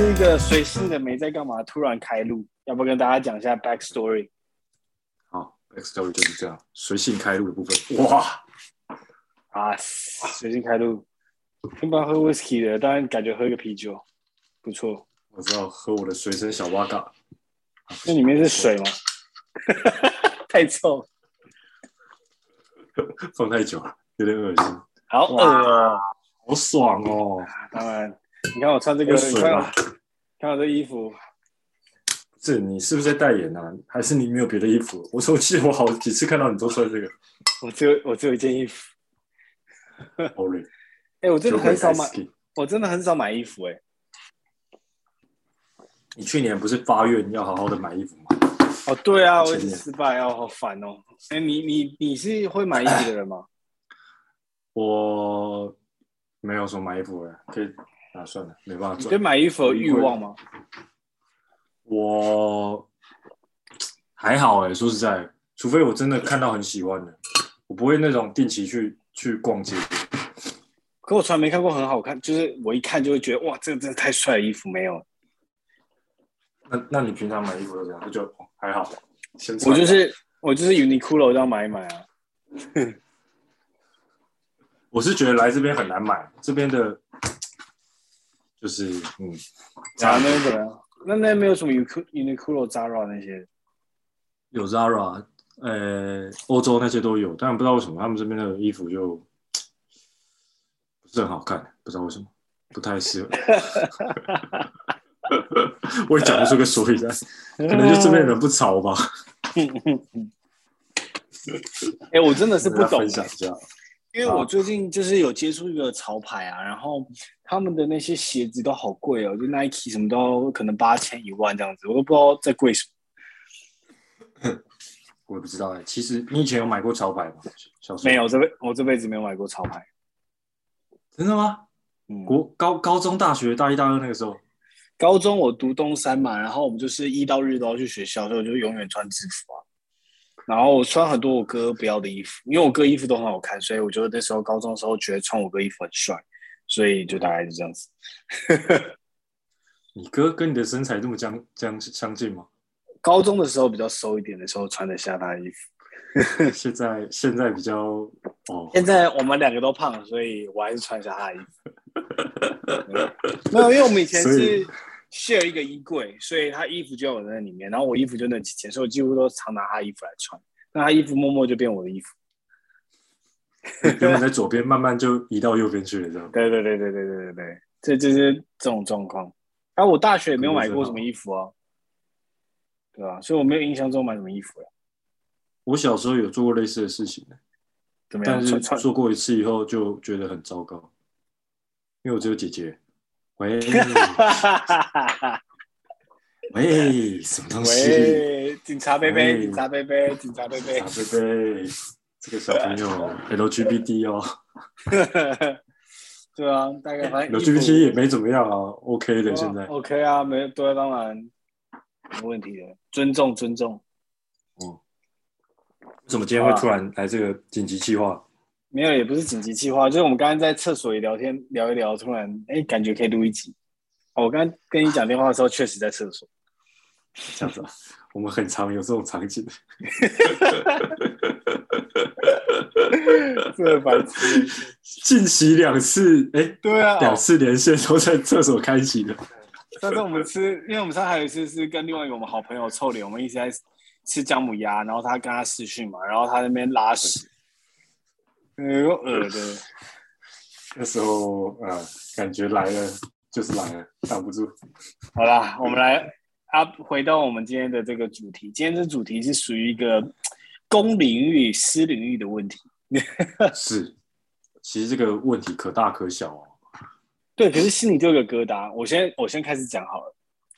是一個隨性的，沒在幹嘛，突然開錄，要不跟大家講一下 backstory。好，backstory 就是這樣，隨性開錄的部分。哇，啊哇，隨性開錄，聽不哇到喝 whiskey 的，當然感覺喝個啤酒不錯。我知道，喝我的隨身小 vodka 那裡面是水嗎？了 太臭了， 放太久了，有點噁心。好餓哇、啊，好爽哦，啊、當然。你看我穿這個水吧，你，看我這衣服，這你是不是在代言呢？啊？還是你沒有別的衣服？我說記我好幾次看到你都穿這個，我只有我只有一件衣服。哎 All in.、欸，我真的很少買，我真的很少買衣服哎、欸。你去年不是八月你要好好的買衣服嗎？哦，對啊，我年失敗，哦，好煩哦。哎年、欸，你你你是會買衣服的人嗎？ 我沒有說買衣服哎，可以。算了，沒辦法做。你對買衣服有慾望嗎？我還好哎、欸，說實在，除非我真的看到很喜歡的，我不會那種定期去去逛街。可我從來沒看過很好看，就是我一看就會覺得哇，這個真的太帥，衣服沒有。那那你平常買衣服都這樣？就、哦、還好我、就是，我就是我就是 UNIQLO 要買一買啊。 我是覺得來這邊很難買，這邊的。就是嗯，yeah, 點那那，那那沒有什麼優酷、優 o o 咯，Zara 那些，有 Zara，呃，歐洲那些都有，但不知道為什麼他們這邊的衣服就不是很好看，不知道為什麼，不太適合。 我也講不出個所以然， 可能就這邊人不潮吧。哎、 欸，我真的是不懂。因為我最近就是有接觸一個潮牌啊，然後他們的那些鞋子都好貴哦，就 Nike 什麼都要可能八千一萬這樣子，我都不知道在貴什麼。我也不知道哎、欸，其實你以前有買過潮牌嗎？沒有，我這輩我這輩子沒有買過潮牌。真的嗎？國高高中大學大一大二那個時候，高中我讀東山嘛，然後我們就是一到日都要去學校，所以就永遠穿制服啊。然後我穿很多我哥不要的衣服，因為我哥衣服都很好看，所以我覺得那時候高中的時候覺得穿我哥衣服很帥，所以就大概是這樣子。 你哥跟你的身材這麼相相相近嗎？高中的時候比較瘦一點的時候穿得下他的衣服， 現在現在比較哦。現在我們兩個都胖了，所以我還是穿下他的衣服。 沒有，因為我們以前是。卸了一個衣櫃，所以他衣服就我在我那裡面，然後我衣服就那幾件，所以我幾乎都常拿他衣服來穿，那他衣服默默就變我的衣服， 原本在左邊，慢慢就移到右邊去了， 對，對對對對對對對對，這這是這種狀況。哎、啊，我大學也沒有買過什麼衣服啊，對啊，所以我沒有印象中買什麼衣服，啊、我小時候有做過類似的事情，怎麼樣？但是做過一次以後就覺得很糟糕，因為我只有姐姐。喂，哈哈哈哈哈哈。喂，什麼東西？警察伯伯，警察伯伯，警察伯伯，喂警察這個小朋友 LGBT 哦。對啊，大概反正、欸、LGBT 也沒怎麼樣啊，OK 的現在。哦、OK 啊，沒對，當然沒問題的，尊重尊重。哦、嗯，為什麼今天會突然來這個緊急企劃？沒有，也不是緊急計劃，就是我們剛剛在廁所裡聊天聊一聊，突然哎，感覺可以錄一集。哦，我剛,剛跟你講電話的時候確實在廁所。這樣子， 我們很常有這種場景。這煩！ 近期兩次哎，誒對啊，兩次連線都在廁所開啟的。上 次我們是，因為我們上次還有一次是跟另外一個我們好朋友臭臉，我們一直在吃薑母鴨，然後他跟他視訊嘛，然後他那邊拉屎。嗯有呃的，對那時候呃，感覺來了就是來了，擋不住。好啦，我們來啊、嗯，回到我們今天的這個主題。今天這主題是屬於一個公領域、私領域的問題。 是，其實這個問題可大可小哦、啊。對，可是心裡就有個疙瘩、啊。我先我先開始講好了。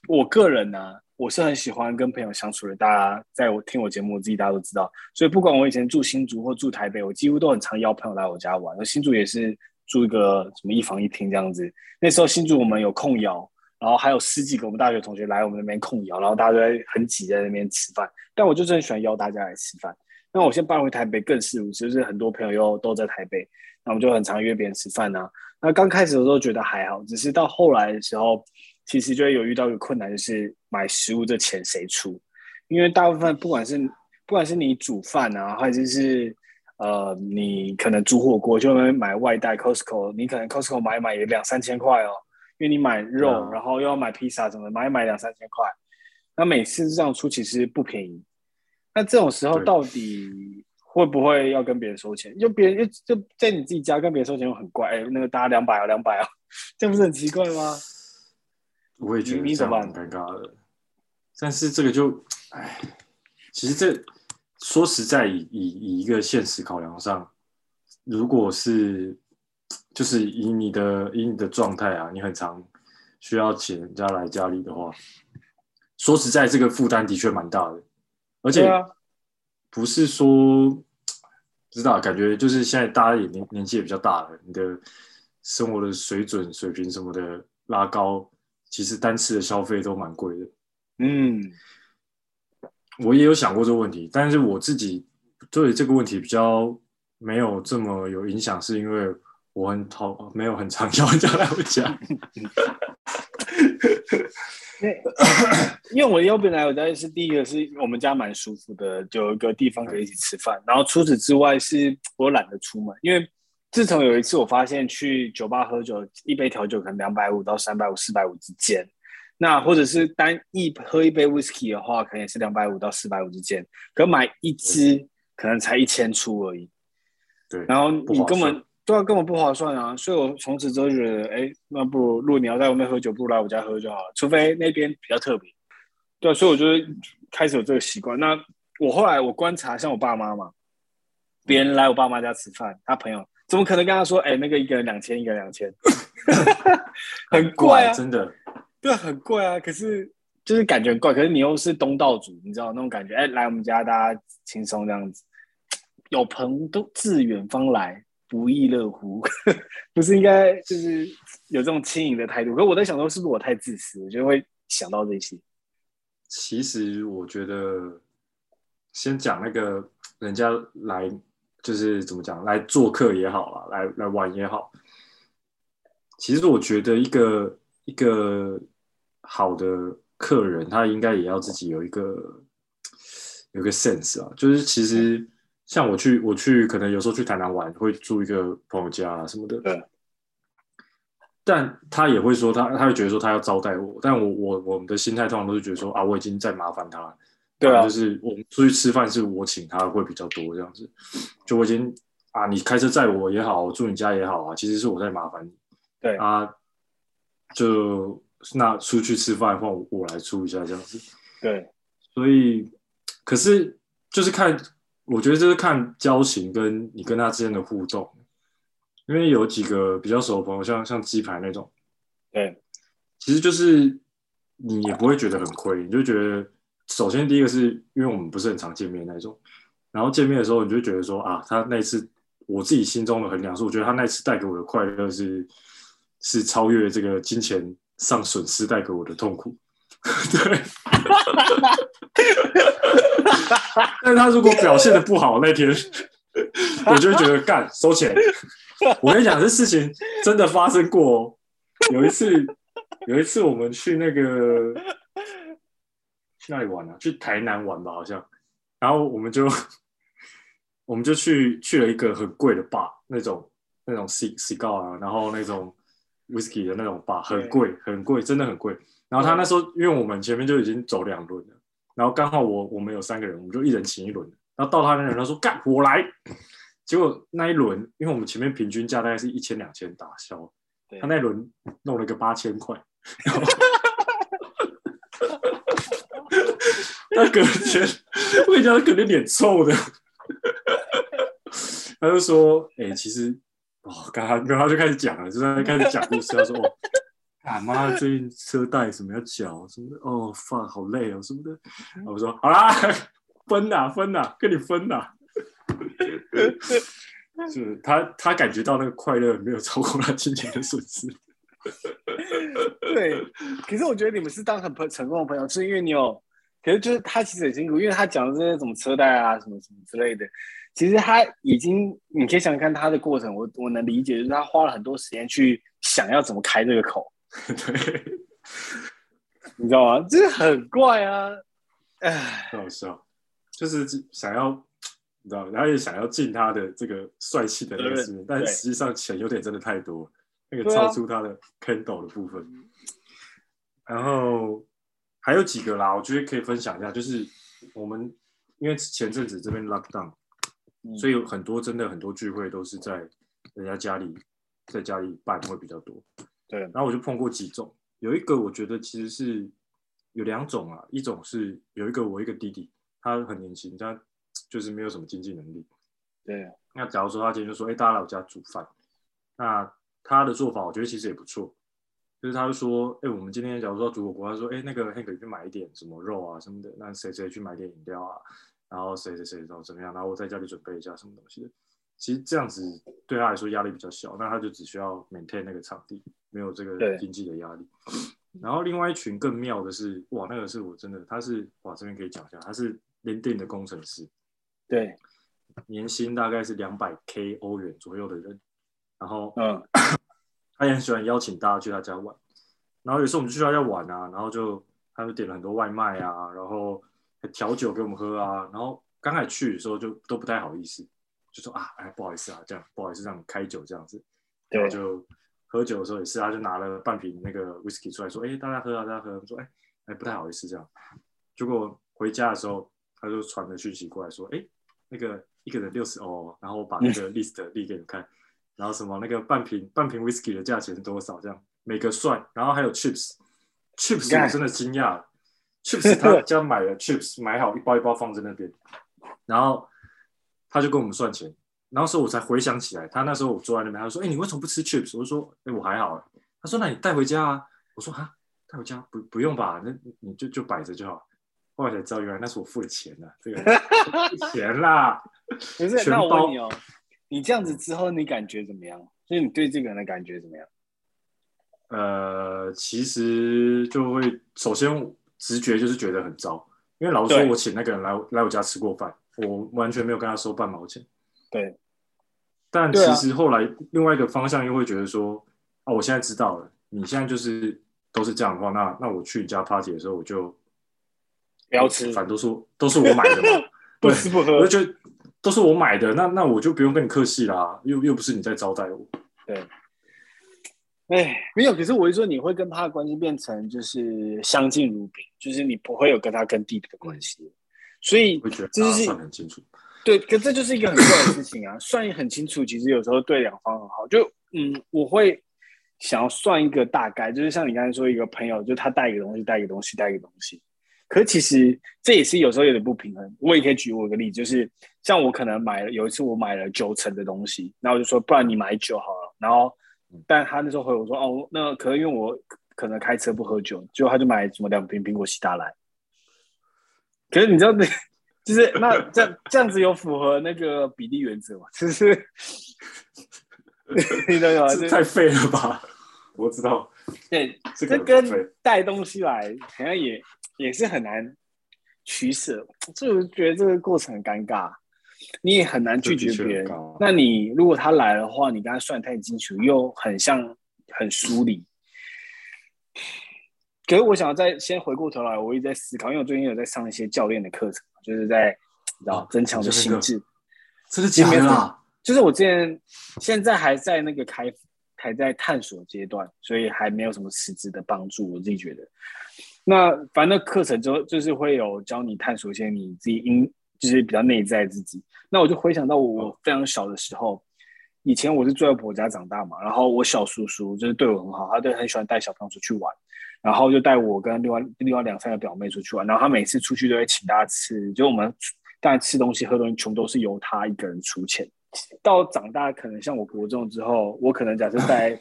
我個人呢、啊,我是很喜歡跟朋友相處的。大家在我聽我節目，我自己大家都知道。所以不管我以前住新竹或住台北，我幾乎都很常邀朋友來我家玩。那新竹也是住一個什麼一房一廳這樣子。那時候新竹我們有控窯，然後還有十幾個我們大學同學來我們那邊控窯，然後大家都在很擠在那邊吃飯。但我就很喜歡邀大家來吃飯。那我現在搬回台北更是如此，就是很多朋友又都在台北，那我們就很常約別人吃飯吶、啊。那剛開始的時候覺得還好，只是到後來的時候。其實就有遇到一個困難，就是買食物的錢誰出？因為大部分不管是不管是你煮飯啊，還是是呃你可能煮火鍋，就會買外帶 Costco，你可能 Costco 買一買也兩三千塊哦，因為你買肉，然後又要買披薩，什麼買一買兩三千塊？那每次這樣出其實不便宜。那這種時候到底會不會要跟別人收錢？就別人就就在你自己家跟別人收錢，又很怪、哎，那個搭兩百啊兩百啊，這不是很奇怪嗎？我也覺得這蠻尷尬的，但是這個就唉，其實這說實在，以以以一個現實考量上，如果是就是以你的以你的狀態啊，你很常需要請人家來家裡的話，說實在，這個負擔的確蠻大的，而且不是說不知道感覺就是現在大家已經年紀也比較大了，你的生活的水準水平什麼的拉高。其實單次的消費都蠻貴的。嗯，我也有想過這個問題，但是我自己對這個問題比較沒有這麼有影響，是因為我很討，沒有很常邀人家來我家。因為我又本來我家是第一個是我們家蠻舒服的，就有一個地方可以一起吃飯。然後除此之外，是我懶得出門，因為。自從有一次我發現去酒吧喝酒，一杯調酒可能兩百五到三百五、四百五之間，那或者是單一喝一杯威士忌的話，可能也是兩百五到四百五之間，可買一支可能才一千出而已。對，然後你根本對啊，根本不划算啊！所以我從此之後就覺得，哎對，那不如如果你要在外面喝酒，不如來我家喝就好了，除非那邊比較特別。對啊，所以我就開始有這個習慣。那我後來我觀察，像我爸媽嘛，別人來我爸媽家吃飯，嗯、他朋友。怎麼可能跟他說？哎、欸，那個一個人兩千，一個人兩千，很怪啊，啊！ 真的，對，很怪啊。可是就是感覺很怪。可是你又是東道主，你知道那種感覺？哎、欸，來我們家，大家輕鬆這樣子，有朋都自遠方來，不亦樂乎？ 不是應該就是有這種輕盈的態度？可是我在想，說是不是我太自私，我就會想到這些。其實我覺得，先講那個人家來。就是怎麼講，來做客也好啊，來來玩也好。其實我覺得一個一個好的客人，他應該也要自己有一個有一個 sense 啊。就是其實像我去我去，可能有時候去台南玩，會住一個朋友家啊什麼的。對但他也會說，他他會覺得說他要招待我，但我我我們的心態通常都是覺得說啊，我已經在麻煩他了。對啊，就是我們出去吃飯，是我請他會比較多這樣子，就我已經，啊，你開車載我也好，我住你家也好啊，其實是我在麻煩你。對啊，就那出去吃飯的話我，我我來出一下這樣子。對，所以可是就是看，我覺得就是看交情跟你跟他之間的互動，因為有幾個比較熟的朋友，像像雞排那種，對，其實就是你也不會覺得很虧，你就覺得。首先，第一個是因為我們不是很常見面的那種，然後見面的時候，你就覺得說啊，他那次，我自己心中的衡量是，我覺得他那次帶給我的快樂是是超越這個金錢上損失帶給我的痛苦。對， 但是他如果表現得不好那天，我就會覺得幹，收錢。 我跟你講，這事情真的發生過喔，有一次，有一次我們去那個。那裡玩啊？去台南玩吧，好像。然後我們就我們就去去了一個很貴的 bar，那種那種 cigar 啊，然後那種 whiskey 的那種 bar 很貴很貴，對真的很貴。然後他那時候，對因為我們前面就已經走兩輪了，然後剛好我我們有三個人，我們就一人請一輪。然後到他那裡他說，幹 我來。結果那一輪，因為我們前面平均價大概是一千兩千打消，他那輪弄了個八千塊。對 他肯定，我講他肯定臉臭的。 他就說：“哎、欸，其實哦，剛剛沒有，他就開始講了，就是開始講故事。他說：‘哦，媽、啊，最近車貸什麼要繳什麼？哦，發好累哦什麼的。哦’”我說：“好啦，分啦、啊，分啦、啊啊，跟你分啦、啊。 ”就是他，他感覺到那個快樂沒有超過他金錢的損失。對，可是我覺得你們是當很成功的朋友，是因為你有。可是，就是他其實很辛苦，因為他講這些什麼車貸啊、什麼什麼之類的。其實他已經，你可以想看他的過程，我我能理解，就是他花了很多時間去想要怎麼開這個口。對 你知道嗎？這、就是很怪啊！哎，好笑，就是想要你知道，然後也想要盡他的這個帥氣的那個，對對，但是實際上錢有點真的太多，對那個超出他的坑 a 的部分，啊、然後。還有幾個啦，我覺得可以分享一下，就是我們因為前陣子這邊 lockdown，嗯、所以有很多真的很多聚會都是在人家家裡，在家裡辦會比較多。對了，然後我就碰過幾種，有一個我覺得其實是有兩種啊，一種是有一個我一個弟弟，他很年輕，他就是沒有什麼經濟能力。對了，那假如說他今天就說，哎，大家來我家煮飯，那他的做法我覺得其實也不錯。就是他會說，哎、欸，我們今天假如說如果國外說，哎、欸，那個你可以去買一點什麼肉啊什麼的，那誰誰去買點飲料啊，然後誰誰誰怎怎麼樣，然後我在家裡準備一下什麼東西的。其實這樣子對他來說壓力比較小，那他就只需要 maintain 那個場地，沒有這個經濟的壓力。對然後另外一群更妙的是，哇，那個是我真的，他是哇這邊可以講一下，他是 LinkedIn 的工程師，對，年薪大概是兩百 K 歐元左右的人，然後嗯。他也、哎、很喜歡邀請大家去他家玩，然後有時候我們去他家玩啊，然後就他就點了很多外賣啊，然後調酒給我們喝啊，然後剛開始去的時候就都不太好意思，就說啊，哎，不好意思啊，這樣不好意思讓你開酒這樣子，對然後就喝酒的時候也是，他就拿了半瓶那個 whisky 出來說，哎，大家喝啊，大家喝、啊，說哎，哎，不太好意思這樣，結果回家的時候他就傳了訊息過來說，哎，那個一個人六十歐，然後我把那個 list 立給你看。嗯然後什麼那個半瓶半瓶 whisky 的價錢是多少？這樣每個算。然後還有 chips，chips 我真的驚訝了。 chips 他家買的 chips 買好一包一包放在那邊，然後他就跟我們算錢。然後時候我才回想起來，他那時候我坐在那邊，他說：“哎、欸，你為什麼不吃 chips？” 我說：“哎、欸，我還好。”他說：“那你帶回家啊？”我說：“啊，帶回家不不用吧？那你就就擺着就好。”後來才知道原來那是我付的錢呢、啊，這個 錢啦， 全包。你這樣子之後，你感覺怎麼樣？嗯、所以你對這個人的感覺怎麼樣？呃，其實就會首先直覺就是覺得很糟，因為老實說，我請那個人來對來我家吃過飯，我完全沒有跟他收半毛錢。對。但其實後來另外一個方向又會覺得說，哦、啊啊，我現在知道了，你現在就是都是這樣的話，那那我去你家 party 的時候，我就不要吃，反正都是都是我買的嘛， 對不吃不喝，我就覺得，都是我買的，那那我就不用跟你客氣啦，又又不是你在招待我。對，哎，沒有，可是我是說，你會跟他的關係變成就是相敬如賓，就是你不會有跟他跟弟弟的關係，所以這是算很清楚。對，可這就是一個很重要的事情啊， 算也很清楚，其實有時候對兩方很好。就嗯，我會想要算一個大概，就是像你剛才說一個朋友，就他帶一個東西，帶一個東西，帶一個東西。可其實這也是有時候有點不平衡。我也可以舉我一個例子，就是像我可能買了，有一次我買了九成的東西，然後我就說不然你買酒好了。然後，但他那時候回我說哦那可能，因為我可能開車不喝酒，結果他就買什麼兩瓶蘋果西打來。可是你知道那就是那這樣這樣子有符合那個比例原則嗎？其實你懂道嗎？太廢了吧！ 我知道，對，這跟帶東西來好像也。也是很難取捨，就覺得這個過程很尷尬，你也很難拒絕別人。啊、那你如果他來的話，你跟他算太清楚，又很像很疏離。可是，我想要再先回過頭來，我一直在思考，因為我最近有在上一些教練的課程，就是在增強我的心智。啊這個、這是幾的、啊啊，就是我之前現在還在那個開，還在探索階段，所以還沒有什麼實質的幫助。我自己覺得。那反正課程就就是會有教你探索一些你自己因就是比較內在自己。那我就回想到我非常小的時候，以前我是住在婆家長大嘛，然後我小叔叔就是對我很好，他都很喜歡帶小朋友出去玩，然後就帶我跟另外另外兩三個表妹出去玩，然後他每次出去都會請大家吃，就我們大家吃東西喝東西，全都是由他一個人出錢。到長大可能像我國中之後，我可能假設帶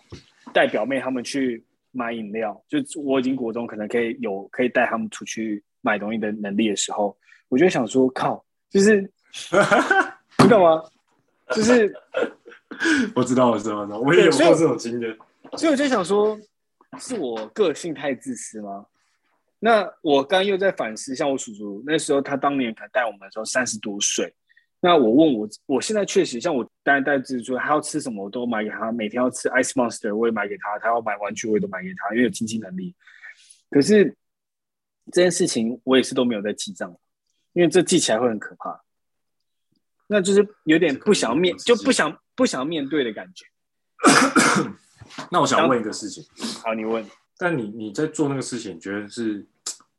帶表妹他們去。買飲料，就我已經國中，可能可以有可以帶他們出去買東西的能力的時候，我就想說，靠，就是你 懂嗎？就是我知道， 我知道，我知道，我也有過這種經驗。所以我就想說，是我個性太自私嗎？那我剛又在反思，像我叔叔那時候，他當年他帶我們的時候，三十多歲。那我問我，我現在確實像我帶帶侄子他要吃什麼我都買給他，每天要吃 Ice Monster，我也買給他，他要買玩具我也都買給他，因為有經濟能力。可是這件事情我也是都沒有在記賬，因為這記起來會很可怕，那就是有點不想面，就不想不想面對的感覺。那我想問一個事情，好，你問。但你你在做那個事情，你覺得是？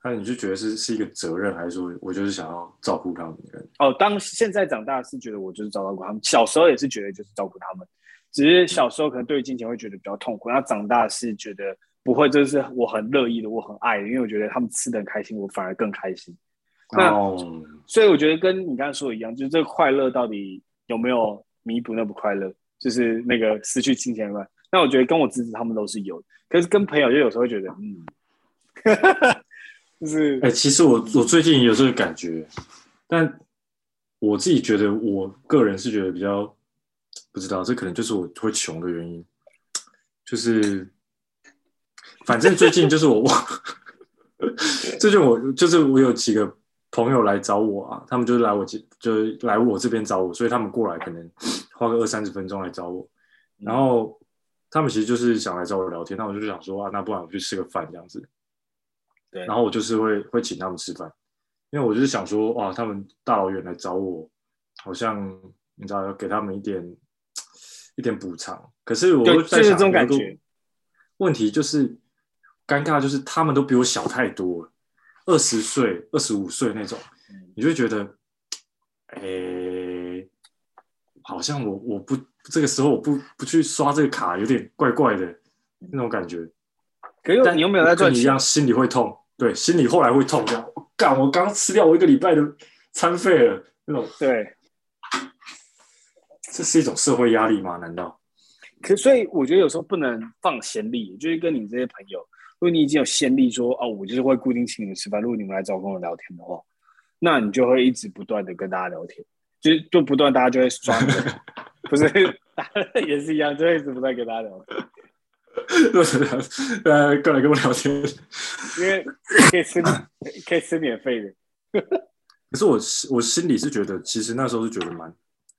那、啊、你是覺得是是一個責任，還是說我就是想要照顧他們？哦，當現在長大是覺得我就是照顧他們，小時候也是覺得就是照顧他們，只是小時候可能對金錢會覺得比較痛苦，那長大是覺得不會，就是我很樂意的，我很愛的，因為我覺得他們吃得很開心，我反而更開心。那、哦、所以我覺得跟你剛才說的一樣，就是這個快樂到底有沒有彌補那不快樂，就是那個失去金錢的。那我覺得跟我侄子他們都是有，可是跟朋友就有時候會覺得，嗯。 哎是，其實我我最近也有這個感覺，但我自己覺得，我個人是覺得比較不知道，這可能就是我會窮的原因。就是反正最近就是我， 最近我就是我有幾個朋友來找我啊，他們就是來我這就來我這邊找我，所以他們過來可能花個二三十分鐘來找我。然後他們其實就是想來找我聊天，那我就想說啊，那不然我去吃個飯這樣子。對然後我就是會會請他們吃飯，因為我就是想說哇，他們大老遠來找我，好像你知道，要給他們一點一點補償。可是我會在想、就是、這種感覺，問題就是尷尬，就是他們都比我小太多二十歲、二十五歲那種，你就會覺得哎、欸，好像我我不這個時候我不不去刷這個卡有點怪怪的那種感覺。可有但你有沒有在賺錢一樣，心裡會痛。對，心裡後來會痛，這樣。我干，我剛吃掉我一個禮拜的餐費了，那種。對，這是一種社會壓力嗎？難道？可所以我覺得有時候不能放先例，就是跟你這些朋友，如果你已經有先例說，哦，我就是會固定請你們吃飯，如果你們來找跟我聊天的話，那你就會一直不斷的跟大家聊天，就是就不斷大家就會抓， 不是也是一樣，就一直不斷跟大家聊天。對呃， 過來跟我聊天，因為可以吃可以吃免費的。 可是我我心裡是覺得，其實那時候是覺得蠻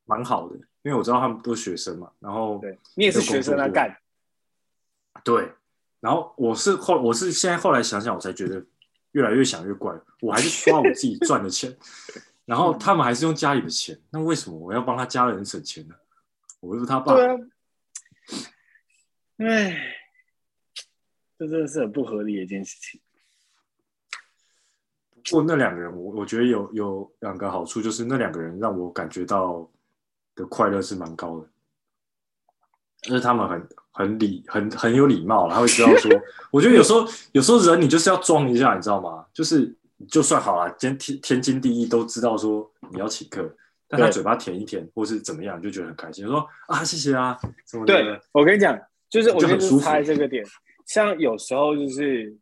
蠻好的，因為我知道他們都是學生嘛。然後對你也是學生來幹。對，然後我是後我是現在後來想想，我才覺得越來越想越怪，我還是需要我自己賺的錢， 然後他們還是用家裡的錢，那為什麼我要幫他家人省錢呢？我又是他爸。哎，這真的是很不合理的一件事情。不過那兩個人，我我覺得有有兩個好處，就是那兩個人讓我感覺到的快樂是蠻高的。就是他們很很禮很很有禮貌，他會知道說， 我覺得有時候 有時候人你就是要裝一下，你知道嗎？就是就算好了，今天天經地義都知道說你要請客，但他嘴巴甜一甜，對或是怎麼樣，就覺得很開心，就說啊謝謝啊什麼。對我跟你講。就是我覺得就是猜這個點，像有時候就是，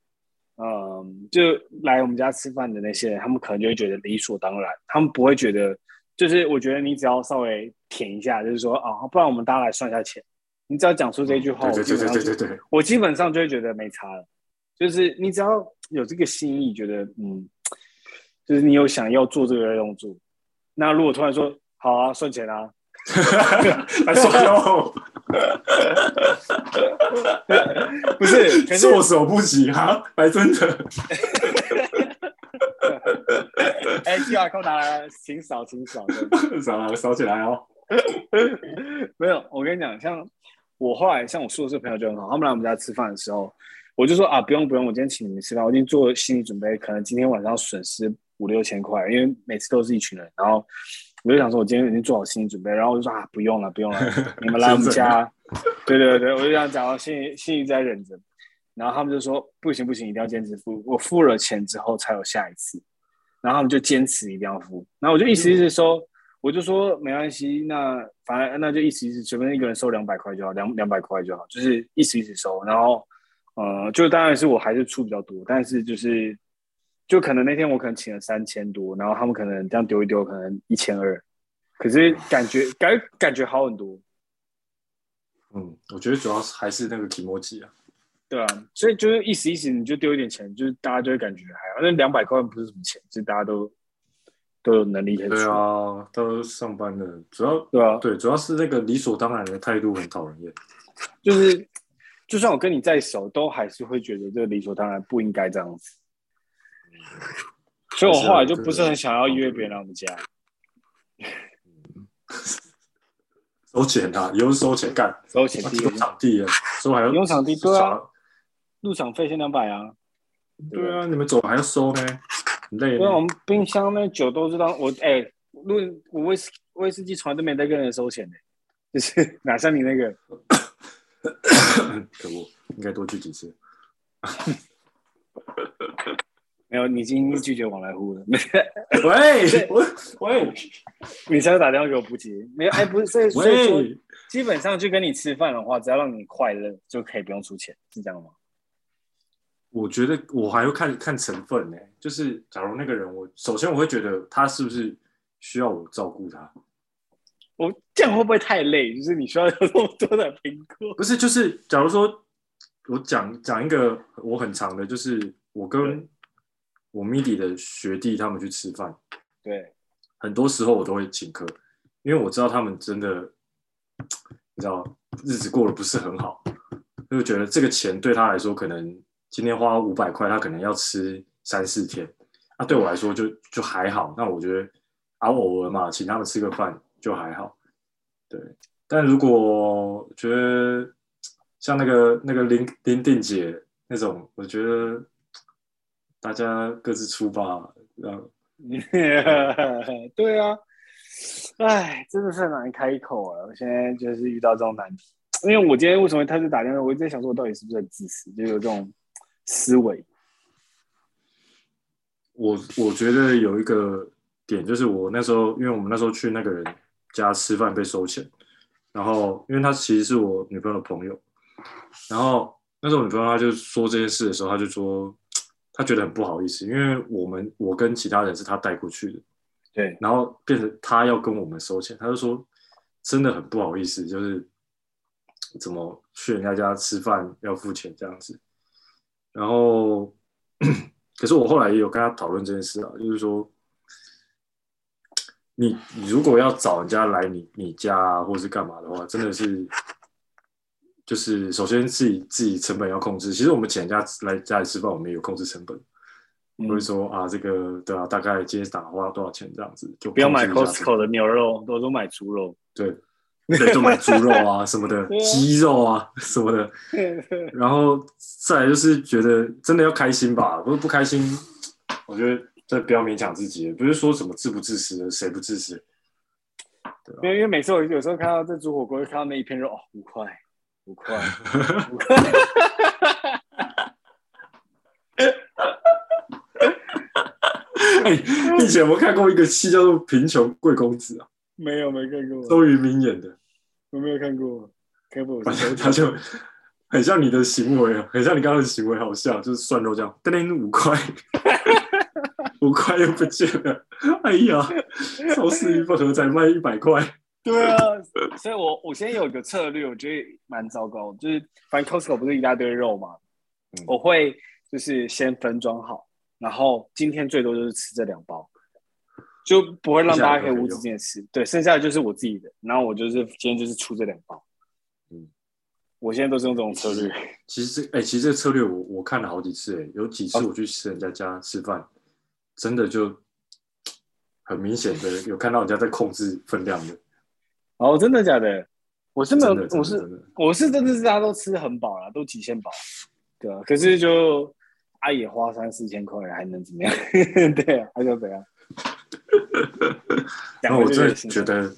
嗯，就來我們家吃飯的那些人，他們可能就會覺得理所當然，他們不會覺得就是，我覺得你只要稍微舔一下，就是說啊，不然我們大家來算一下錢，你只要講出這句話，我對對對對對，我基本上就會覺得沒差了，就是你只要有這個心意，覺得嗯，就是你有想要做這個動作，那如果突然說好啊，算錢啊，來算哦。 不是，可不是，措手不及哈，還真的。哎 對，第二扣拿來了，家 請掃，請掃。掃了，我掃起來哦。 沒有，我跟你講，像我後來，像我說的這個朋友就很好，他們來我們家吃飯的時候，我就說啊，不用不用，我今天請你們吃飯，我已經做了心理準備，可能今天晚上損失五六千塊，因為每次都是一群人，然後。我就想說，我今天已經做好心理準備，然後我就說啊，不用了，不用了，你們來我們家。 是真的？對對對，我就想講，我心裡一直在忍着。然後他們就說，不行不行，一定要堅持付。我付了錢之後才有下一次。然後他們就堅持一定要付。那我就一直一直收，嗯、我就說沒關係，那反正那就一直一直隨便一個人收兩百塊就好，兩兩百塊就好，就是一直一直收。然後，呃，就當然是我還是出比較多，但是就是。嗯就可能那天我可能請了三千多，然後他們可能這樣丟一丟，可能一千二，可是感覺感感覺好很多。嗯，我覺得主要是還是那個奇檬子啊。對啊，所以就是意思意思你就丟一點錢，就是大家就會感覺還好，那兩百塊不是什麼錢，就是大家都都有能力很。對啊，都上班的，主要對啊對，主要是那個理所當然的態度很討人厭。 就是就算我跟你再熟，都還是會覺得這個理所當然不應該這樣子。 所以，我後來就不是很想要約別人來我們家，啊。這個、 收錢啊，有人收錢幹？收錢？用場地啊，收，還要用場地？對啊，對啊對，入場費先兩百啊。對啊，你們走還要收呢，很累。那、啊、我們冰箱那酒都知道，我哎、欸，入我威士威士忌從來都沒在跟人收錢的，就是哪像你那個， 可惡，應該多聚幾次。 沒有，你已經拒絕往來戶了。喂喂我 以，你現在打電話給我不接，沒有？哎，不是，所以，基本上去跟你吃飯的話，只要讓你快樂就可以不用出錢，是這樣嗎？我覺得我還會看看成分呢。就是假如那個人我，我首先我會覺得他是不是需要我照顧他？我這樣會不會太累？就是你需要有那麼多的蘋果。不是，就是假如說，我講講一個我很長的，就是我跟。我 midi 的學弟他們去吃飯，對，很多時候我都會請客，因為我知道他們真的，你知道日子過得不是很好，就覺得這個錢對他來說，可能今天花五百塊，他可能要吃三四天，那、啊、對我來說就就還好，那我覺得啊偶爾嘛，請他們吃個飯就還好，對，但如果覺得像那個那個林林定姐那種，我覺得。大家各自出發，然後， 對啊，哎，真的是很難開口啊，我現在就是遇到這種難題，因為我今天為什麼他開始打電話？我一直在想，說我到底是不是很自私，就有這種思維。我我覺得有一個點，就是我那時候，因為我們那時候去那個人家吃飯被收錢，然後因為他其實是我女朋友的朋友，然後那時候我女朋友她就說這件事的時候，她就說。他覺得很不好意思，因為我們我跟其他人是他帶過去的，對，然後變成他要跟我們收錢，他就說真的很不好意思，就是怎麼去人家家吃飯要付錢這樣子。然後，可是我後來也有跟他討論這件事啊，就是說，你，你如果要找人家來你你家啊，或是幹嘛的話，真的是。就是首先自己自己成本要控制。其實我們請人家來家裡吃飯，我們也有控制成本，我、嗯、不會說啊，這個對啊，大概今天打花了多少錢這樣子就不要買 Costco 的牛肉，都都買豬肉，對，對，就買豬肉啊 什麼的，雞肉啊，啊什麼的。然後再來就是覺得真的要開心吧，不是不開心，我覺得這不要勉強自己，不是說什麼自不自私，誰不自私？對、啊，因為因為每次我有時候看到這煮火鍋，就看到那一片肉哦五塊。五塊，哈哈哈哈哈！哈哈哎，以前我看過一個戲叫做《貧窮貴公子》啊？沒有，沒看過。周渝民演的，我沒有看過。看不開，他就很像你的行為啊，很像你剛剛的行為好，好像就是蒜肉醬，但你五塊，五塊 又不見了。哎呀，超市一包頭才賣一百塊。對啊， 所以我我現在有一個策略，我覺得蠻糟糕，就是反正 Costco 不是一大堆肉嘛，嗯、我會就是先分裝好，然後今天最多就是吃這兩包，就不會讓大家可以無止境的吃。對，剩下的就是我自己的，然後我就是今天就是出這兩包。嗯，我現在都是用這種策略。其實這哎、欸，其實這策略我我看了好幾次，哎，有幾次我去吃人家家吃飯，哦、真的就很明顯的有看到人家在控制分量的。 哦，真的假的？我是沒有，我是我是真的是，大家都吃很飽了、啊，都極限飽，對啊。可是就，哎、啊、也花三四千塊，還能怎麼樣？呵呵對，啊，那就怎樣。然後 我就覺得，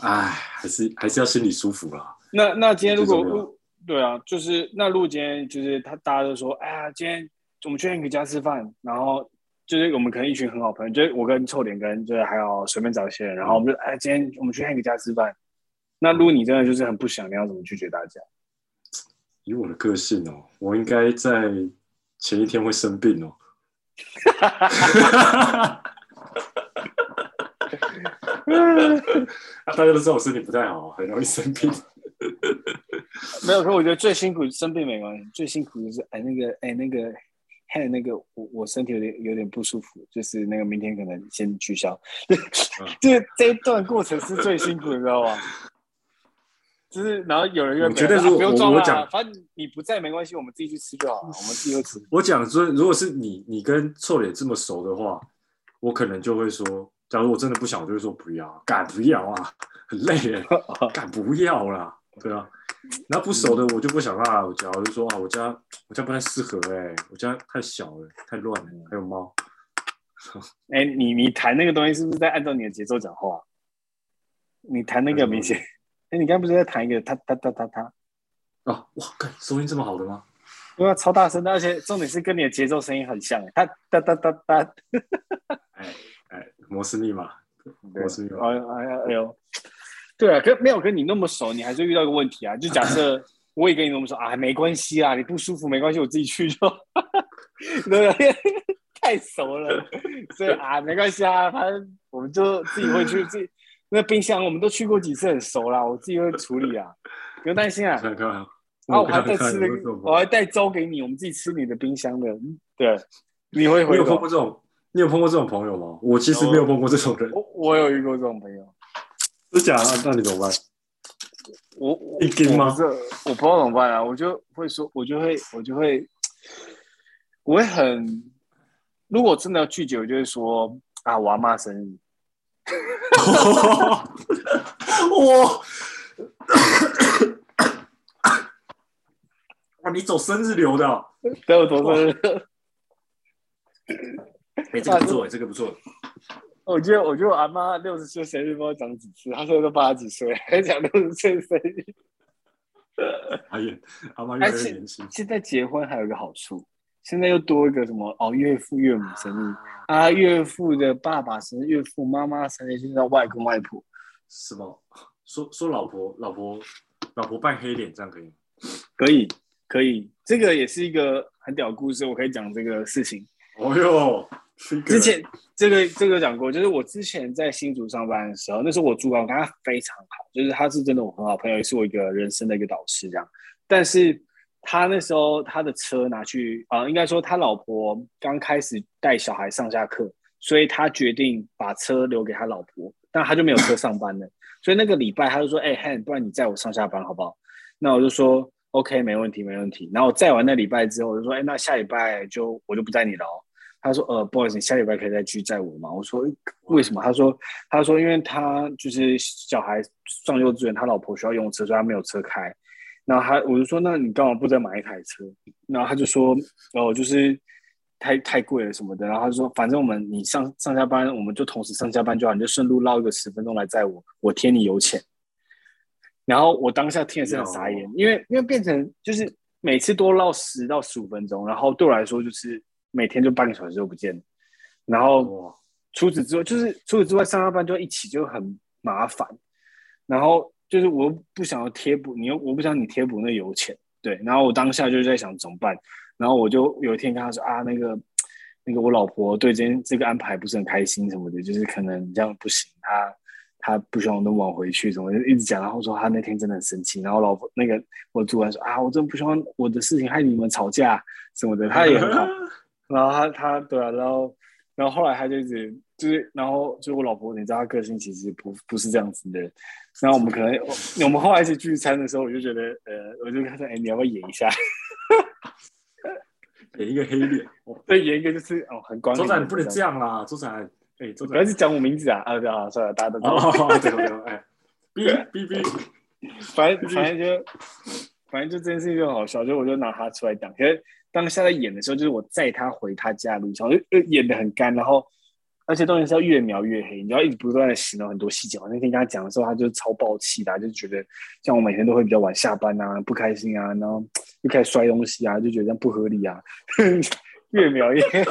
哎，還是還是要心裡舒服了、啊。那那今天如果對啊，就是那如果今天就是他大家都說，哎呀，今天我們去人家家吃飯，然後。就是我們可能一群很好朋友，就是我跟臭臉跟就是還有隨便找一些人，然後我們就哎，今天我們去那個家吃飯。那如果你真的就是很不想，你要怎麼拒絕大家？以我的個性哦，我應該在前一天會生病哦。啊，大家都知道我身體不太好，很容易生病。 沒有，可是我覺得最辛苦生病沒關係，最辛苦的是哎，那個哎，那個。哎，那個有、hey, 那個我我身體有點有點不舒服，就是那個明天可能先取消。對，這這一段過程是最辛苦的， 你知道嗎？就是然後有人又有覺得不用裝了，反正、啊啊、你不在沒關係，我們自己去吃就好了，我們自己吃。我講說，如果是你你跟臭臉這麼熟的話，我可能就會說，假如我真的不想，我就會說不要，敢不要啊，很累了，敢不要啦，對啊。那不熟的我就不想啦我假如說啊，我家我家不太適合哎、欸，我家太小了，太亂了，還有貓。哎、 欸，你你彈那個東西是不是在按照你的節奏講話？你彈那個明顯，哎,哎，你剛,剛不是在彈一個？噠噠噠噠噠。哦、啊，哇靠，收音這麼好的嗎？因為超大聲而且重點是跟你的節奏聲音很像，噠噠噠噠噠。 哎哎，摩斯密碼，摩斯密碼。哎哎、嗯、哎呦。哎呦對啊，跟沒有跟你那麼熟，你還是遇到一個問題啊。就假設我也跟你那麼熟 啊，沒關係啊，你不舒服沒關係，我自己去就， 對不對 太熟了，所以啊，沒關係啊，反正我們就自己會去 自己。那冰箱我們都去過幾次，很熟了，我自己會處理啊，不用 擔心啊。啊，我我還帶吃的，我還帶粥給你，我們自己吃你的冰箱的。對，你會回。你有碰過這種？你有碰過這種朋友嗎？我其實沒有碰過這種人。哦、我我有遇過這種朋友。是假的，那、啊、你怎麼辦？我我我不知道怎麼辦啊？我就會說，我就會，我就會，我會很。如果真的要拒絕，我就會說啊，我要罵生日。哈哈你走生日流的，哦，跟要走生日。哎、欸，這個不錯，啊、這個不錯。我覺得，我覺得我阿媽六十歲生日不知道講幾次，她說都八十幾歲還講六十歲生日。哎呀，阿媽又生氣。現在結婚還有一個好處，現在又多一個什麼哦？岳父岳母生日啊，岳、啊、父的爸爸生日，岳父媽媽生日，現在外公外婆是嗎？說說老婆老婆老婆扮黑臉這樣可以嗎？可以可以，這個也是一個很屌故事，我可以講這個事情。哦呦。之前 這個這個講過，就是我之前在新竹上班的時候，那時候我主管，跟他非常好，就是他是真的我很好朋友，也是我一個人生的一個導師這樣。但是他那時候他的車拿去啊、呃，應該說他老婆剛開始帶小孩上下課，所以他決定把車留給他老婆，但他就沒有車上班了。 所以那個禮拜他就說：“哎、欸、嘿，Han，不然你載我上下班好不好？”那我就說：“OK，沒問題，沒問題。”然後載完那禮拜之後，我就說：“哎、欸，那下禮拜就我就不載你了哦。”他說：“呃，不好意思，你下禮拜可以再去載我嗎？”我說：“為什麼？”他說：“他說，因為他就是小孩上幼稚園，他老婆需要用車，所以他沒有車開。然後他。我就說：那你幹嘛不再買一台車。然後他就說：哦、呃，就是太太貴了什麼的。然後他就說：反正我們你上上下班，我們就同時上下班就好，你就順路繞一個十分鐘來載我，我貼你油錢。然後我當下聽也是很傻眼，No. 因為因為變成，就是每次多繞十到十五分鐘，然後對我來說就是。”每天就半個小時就不見，然後、哦哦、除此之外，就是除此之外上下班就一起，就很麻煩。然後就是我不想要貼補你，又我不想你貼補那油錢，對。然後我當下就在想怎麼辦。然後我就有一天跟他說啊，那個那個我老婆對今天這個安排不是很開心什麼的，就是可能這樣不行，他她，她不希望我能往回去什麼就一直講。然後說他那天真的很生氣。然後老婆那個我主管說啊，我真不希望我的事情害你們吵架什麼的，他也很好。呵呵然後他他對啊，然後然後後來他就一直就是，然後就我老婆，你知道她個性其實不不是這樣子的。然後我們可能我，我們後來一起聚餐的時候我、呃，我就覺得呃，我就開始哎，你要不要演一下， 演一個黑臉，對，演一個就是哦很光。周展，你不能這樣啦，周展。哎，周展，不要去講我名字啊！啊，對啊，算了，大家都。 哦，對對對，哎，B B B，反正反正就反正就這件事情就好笑，就我就拿他出來講，其實。當下在演的時候，就是我載他回他家的路上，就呃，演的很乾，然後而且當然是要越描越黑，你要一直不斷的洗腦很多細節。我那天跟他講的時候，他就超爆氣的，就覺得像我每天都會比較晚下班啊，不開心啊，然後就開始摔東西啊，就覺得這樣不合理啊，呵呵越描越黑。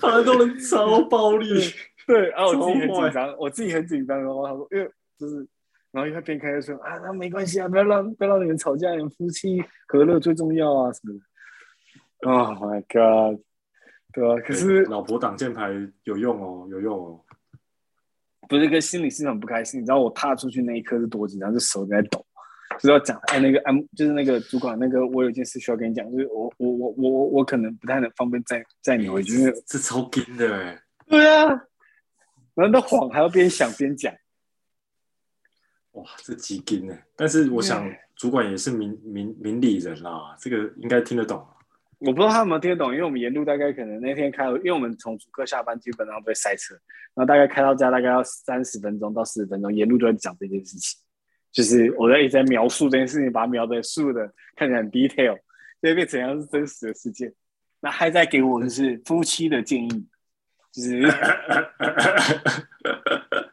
他都能超暴力。 對，然、啊、後我自己很緊張，壞我自己很緊張，然後他說，因為就是，然後一邊開說啊，那沒關係啊，不要讓不要讓你們吵架，你們夫妻和樂最重要啊什麼的。哦、oh，My God，對啊，對可是老婆擋箭牌有用哦，有用哦。不是，跟心裡是很不開心。你知道我踏出去那一刻是多緊張，然後就手在抖，就要講哎、欸，那個 M 就是那個主管，那個我有件事需要跟你講，就是我我我我我我可能不太能方便載載你回去，欸就是這這超緊的、欸，對啊，難道謊還要邊想邊講， 哇，這極緊哎！但是我想、欸、主管也是明明明理人啦，這個應該聽得懂。我不知道他有沒有聽得懂，因為我們沿路大概可能那天開，因為我們從竹科下班基本上被塞車，然後大概開到家大概要三十分鐘到四十分鐘，沿路都在講這件事情，就是我在一直在描述這件事情，把它描的素的，看起來很 detail，那邊怎樣是真實的世界。那還在給我的是夫妻的建議， 就是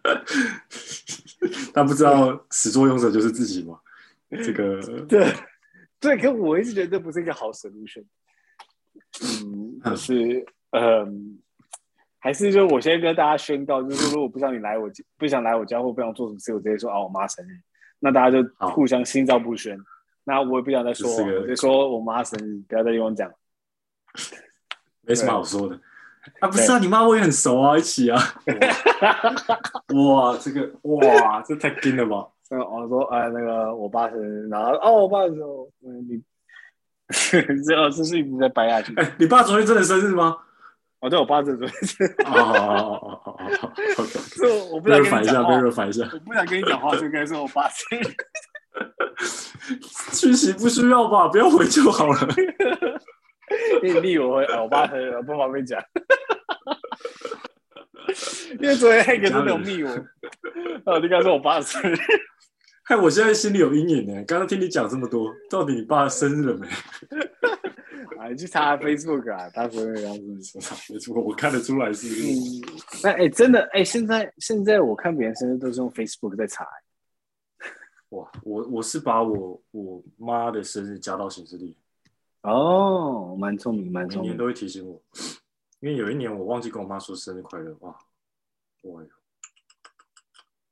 他不知道始作俑者就是自己嗎？這個 對對，可我一直覺得這不是一個好 solution。嗯，可是，嗯，還是就我先跟大家宣告，就是如果不想你來我，我不想來我家或不想做什麼事，我直接說啊，我媽生日，那大家就互相心照不宣。哦、那我也不想再說，個我就說我媽生日，不要再用講，沒什麼好說的對啊，不是啊，對你媽我也很熟啊，一起啊，哇，這個哇， 這太根了吧？哦、嗯，說哎，那個我爸生日，然後哦，我爸生日，嗯，你。你知道，這是一直在掰下去。哎，你爸昨天真的生日嗎？哦，對，我爸這昨天哦，哦哦哦哦哦！這我不想跟你講。被熱，我不想跟你講話，就應該說我爸生日。劇情不需要吧？不要回就好了。密我，我我爸很不方便講。因為昨天那個是沒有密我。哦，應該是我爸生日。哎，我現在心裡有陰影呢。剛剛聽你講這麼多，到底你爸生日了沒？來、 啊、去查 Facebook 啊，他生日要怎麼知道？Facebook 我看得出來是，是、嗯。那哎、欸，真的哎、欸，現在現在我看別人生日都是用 Facebook 在查。哇，我我是把我我媽的生日加到行事曆，哦，蠻聰明，蠻聰明。每年都會提醒我，因為有一年我忘記跟我媽說生日快樂哇。哇喲。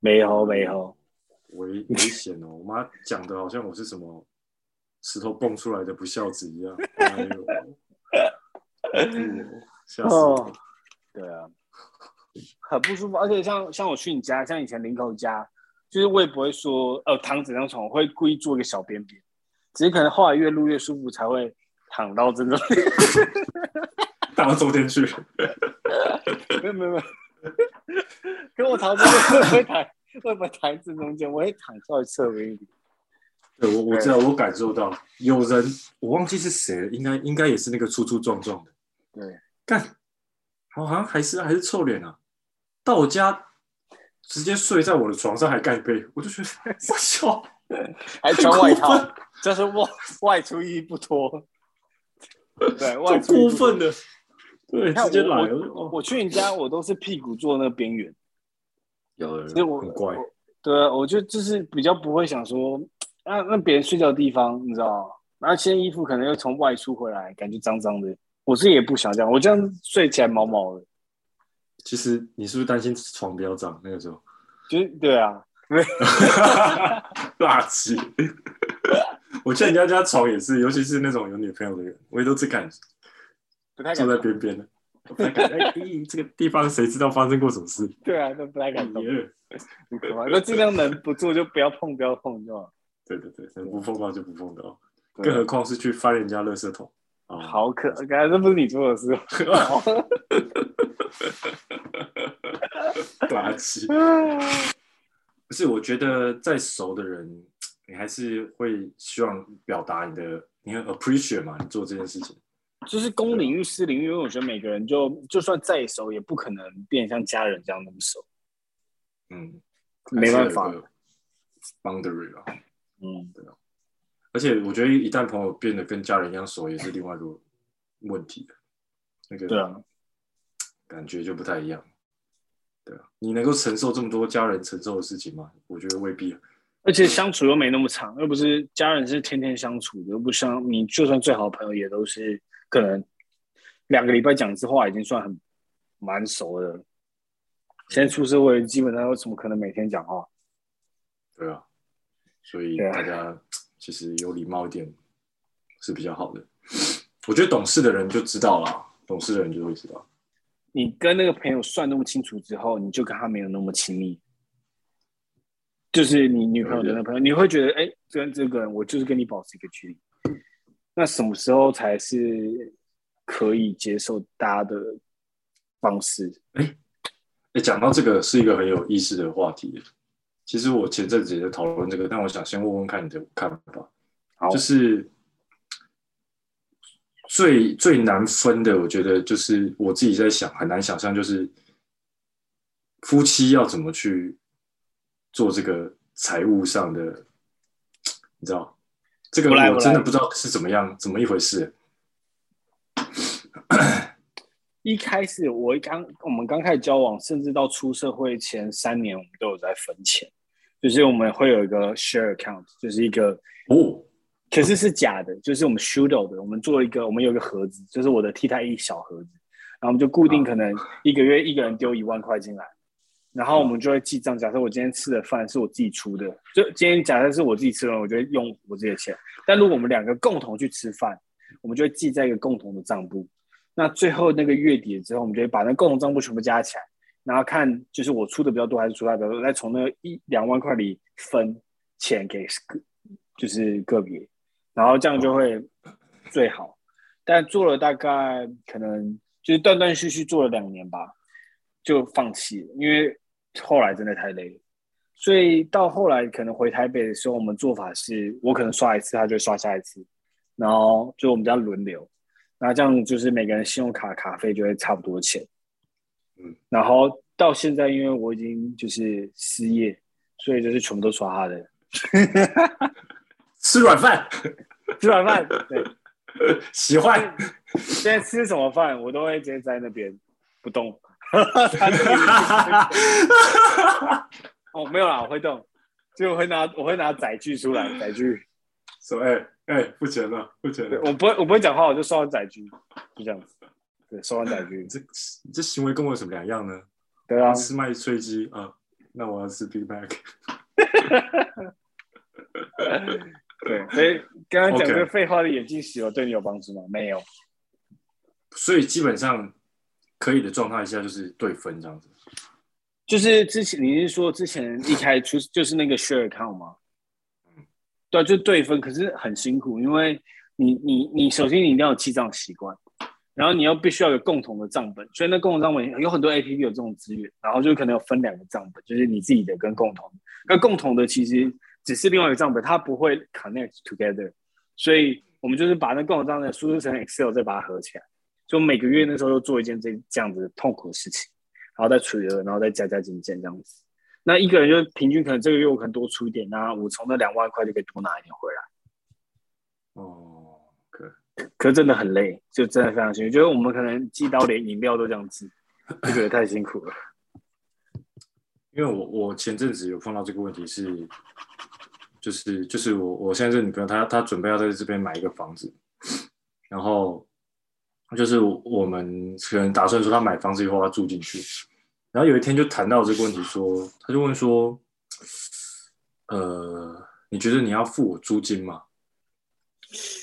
沒有。危危險哦！我媽講的，好像我是什麼石頭蹦出來的不孝子一樣。笑、哎嗯、死、哦！對啊，很不舒服。而且像像我去你家，像以前林口家，就是我也不會說，呃、哦，躺這張床，我會故意做一個小邊邊。只是可能後來越錄越舒服，才會躺到這個。躺到中間去 沒。沒有沒有沒有，跟我躺這個不會抬 在我台子中間，我也躺在側面。微微對，我我知道，我感受到 有人，我忘記是誰，應該應該也是那個粗粗壯壯的。對，幹，好，好、啊、像還是還是臭臉啊！到我家，直接睡在我的床上，還蓋被，我就覺得哇靠， 還穿外套，這是外外出衣不脫。對，外出衣不脫。過分的。對，我直接來我。我,哇我去你家，我都是屁股坐那個邊緣。所以我，很怪我對啊，我就就是比較不會想說，讓、啊、那別人睡覺的地方，你知道嗎？然後一些衣服可能又從外出回來，感覺髒髒的。我自己也不想這樣，我這樣睡起來毛毛的。其實你是不是擔心床比較髒？那個時候，其實對啊，沒有垃圾。我覺得人家家床也是，尤其是那種有女朋友的人，我也都是敢坐在邊邊的。 不太敢，第、哎、一這個地方誰知道發生過什麼事？對啊，都不太敢動好吧，那 Yeah. 盡量能不做就不要碰，不要碰就好，對吧？對對對，能不碰的就不碰的對更何況是去翻人家垃圾桶，對哦、好可，剛才這不是你做的事對哦。垃圾，不是？我覺得再熟的人，你還是會希望表達你的，你很 appreciate 嘛，你做這件事情。就是公領域私領域，對因為我覺得每個人就就算再熟，也不可能變像家人這樣那麼熟。嗯，沒辦法，boundary、啦、嗯，對啊。而且我覺得一旦朋友變得跟家人一樣熟，也是另外一個問題那個對啊，感覺就不太一樣。對啊，對你能夠承受這麼多家人承受的事情嗎？我覺得未必。而且相處又沒那麼長，又不是家人是天天相處的，又不像你就算最好的朋友也都是。可能兩個禮拜講一次話已經算很蠻熟的了。現在出社會，基本上為什麼可能每天講話？對啊，所以大家、啊、其實有禮貌一點是比較好的。我覺得懂事的人就知道了，懂事的人就會知道。你跟那個朋友算那麼清楚之後，你就跟他沒有那麼親密。就是你女朋友的男朋友，會你會覺得，哎、欸，跟這個人，我就是跟你保持一個距離。那什麼時候才是可以接受大的方式？哎、欸，哎、欸，講到這個是一個很有意思的話題。其實我前陣子也在討論這個，但我想先問問看你的看法。好，就是最最難分的，我覺得就是我自己在想，很難想象，就是夫妻要怎麼去做這個財務上的，你知道？這個我來，我真的不知道是怎麼樣，怎麼一回事。一開始我剛我們剛開始交往，甚至到出社會前三年，我們都有在分錢，就是我們會有一個 share account，就是一個哦，可是是假的，就是我們虛構的。我們做一個，我們有一個盒子，就是我的替代一小盒子，然後我們就固定可能一個月一個人丟一萬塊進來。然後我們就會記賬。假設我今天吃的飯是我自己出的，就今天假設是我自己吃了，我就會用我自己的錢。但如果我們兩個共同去吃飯，我們就會記在一個共同的賬簿。那最後那個月底的時候，我們就會把那共同賬簿全部加起來，然後看就是我出的比較多還是出的比較多，再從那一兩萬塊裡分錢給個就是個別，然後這樣就會最好。但做了大概可能就是斷斷續續做了兩年吧。就放棄了，因為後來真的太累了，所以到後來可能回台北的時候，我們做法是我可能刷一次，他就刷下一次，然後就我們家輪流，那這樣就是每個人信用卡卡費就會差不多錢。嗯，然後到現在，因為我已經就是失業，所以就是全部都刷他的， 吃軟飯，吃軟飯，對 喜歡現在吃什麼飯，我都會直接在那邊不動。哈哈哈哈哈！哈哦，沒有啦，我會動，就我會拿我會拿載具出來，載具。說哎哎，付錢了，付錢了。我不會，我不會講話，我就刷完載具，就這樣子。對，刷完載具，這這行為跟我有什麼兩樣呢？對啊，是麥脆雞啊。那我要吃 Big Mac。哈哈哈！對，所以剛剛講的廢話的眼睛洗了，對你有幫助嗎？Okay. 沒有。所以基本上。可以的狀態下就是對分這樣子，就是之前你是說之前一開出，就是那個 Share Account 嗎？對啊，就對分，可是很辛苦，因為你你你首先你一定要有記賬習慣，然後你要必須要有共同的賬本，所以那共同賬本有很多 APP 有這種資源，然後就可能有分兩個賬本，就是你自己的跟共同的，那共同的其實只是另外一個賬本，它不會 Connect together，所以我們就是把那共同賬本輸出成 Excel，再把它合起來。就每個月那時候都做一件這這樣子痛苦的事情，然後再處理了，然後再加加幾件這樣子。那一個人就平均可能這個月我可能多出一點，然後我從那我重那兩萬塊就可以多拿一點回來。哦，Okay. 可可真的很累，就真的非常辛苦。我覺得我們可能寄到連飲料都這樣寄，這個太辛苦了。 因為我我前陣子有碰到這個問題是，是就是就是我我現在這女朋友她她準備要在這邊買一個房子，然後。就是我們可能打算說，他買房子以後他住進去，然後有一天就談到這個問題說，說他就問說，呃，你覺得你要付我租金嗎？